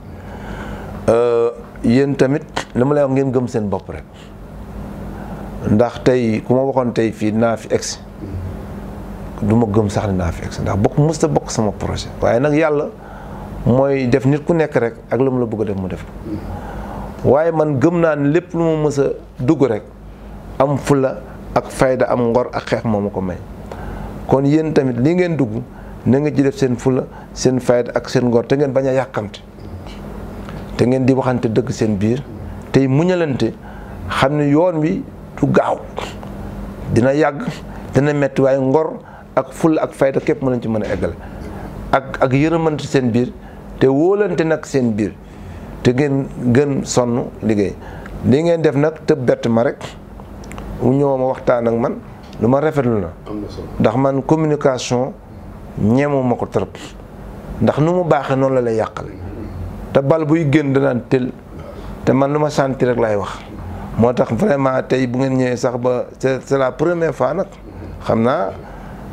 A: euh, yéen tamit li ma lay wax ngeen gëm seen bopp rek ndax tey ku ma waxoon tey fii naa fi egsi. du ma gëm sax ni naa fi egsi ndax bokk mës a bokk sama projet waaye nag yàlla mooy def nit ku nekk rek ak lu mu la bëgg a def mu def waaye man gëm naa ni lépp lu ma mës a dugg rek am fula ak fayda am ngor ak xeex moom ma ko may kon yéen tamit li ngeen dugg na nga ci def seen fula seen fayda ak seen ngor te ngeen bañ a yàkkamte te ngeen di waxante dëgg seen biir tey mu muñalante xam ne yoon wi du gaaw dina yàgg dina metti waaye ngor ak ful ak fayta képp mën nañ ci mën a eggale ak ak yërëmante seen biir te wóolante nag seen biir te ngeen gën sonn liggéey li ngeen def nag tëb bett ma rek mu ñëw waxtaan ak man lu ma rafetlu na ndax man communication ñemuma ko trop ndax nu mu baaxee noonu la lay yàqale te bal buy génn danaan tël te man lu ma sentir rek laay wax moo tax vraiment tey bu ngeen ñëwee sax ba c'est la première fois nag xam naa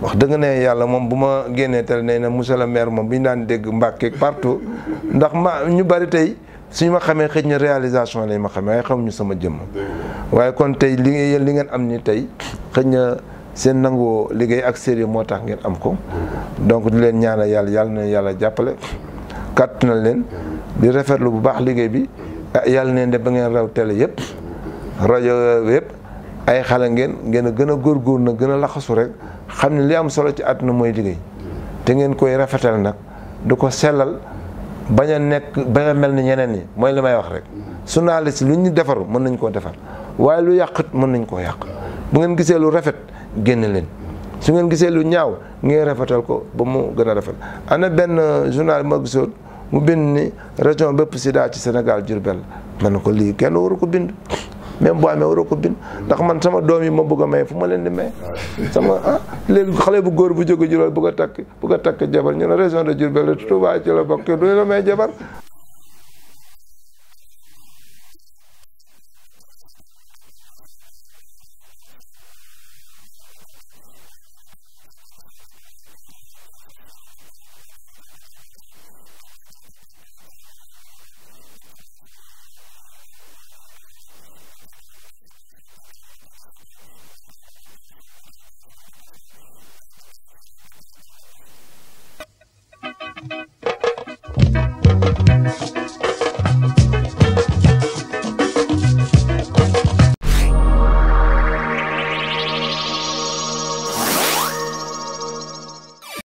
A: wax dëgg ne yàlla moom bu ma génnee tel nee na monsieur le maire moom bi ñu daan dégg Mbàkke partout ndax ma ñu bari tey suñu ma xamee xëj na réalisation lañ ma xamee waaye xamuñu sama jëmm waaye kon tey li ngeen li ngeen am ni tey xëj na seen nangoo liggéey ak sérieux moo tax ngeen am ko donc di leen ñaanal yàlla yàlla na yàlla jàppale kàtt na leen di rafetlu bu baax liggéey bi ah yàlla neen de ba ngeen raw télé yëpp rajo yëpp ay xale ngeen ngeen a gën a góorgóor na gën a laxasu rek xam ne li am solo ci àdduna mooy liggéey te ngeen koy rafetal nag du ko sellal bañ a nekk bañ mel ni ñeneen yi mooy li may wax rek su si lu ñu defaru mën nañ koo defar waaye lu yàqit mën nañ koo yàq bu ngeen gisee lu rafet génn leen su ngeen gisee lu ñaaw ngeen rafetal ko ba mu gën a rafet ana benn euh, journal ma gisoon mu bind ni région bépp sida ci Sénégal Diourbel man ko lii kenn waru ko bind même boo amee waroo ko bind ndax man sama doom yi ma bëgg a may fu ma leen di may sama ah léegi xale bu góor bu jóge Jurbel bëgg a takk bëgg a takk jabar ñu ne région de Jurbel Touba ci la bokk du la may jabar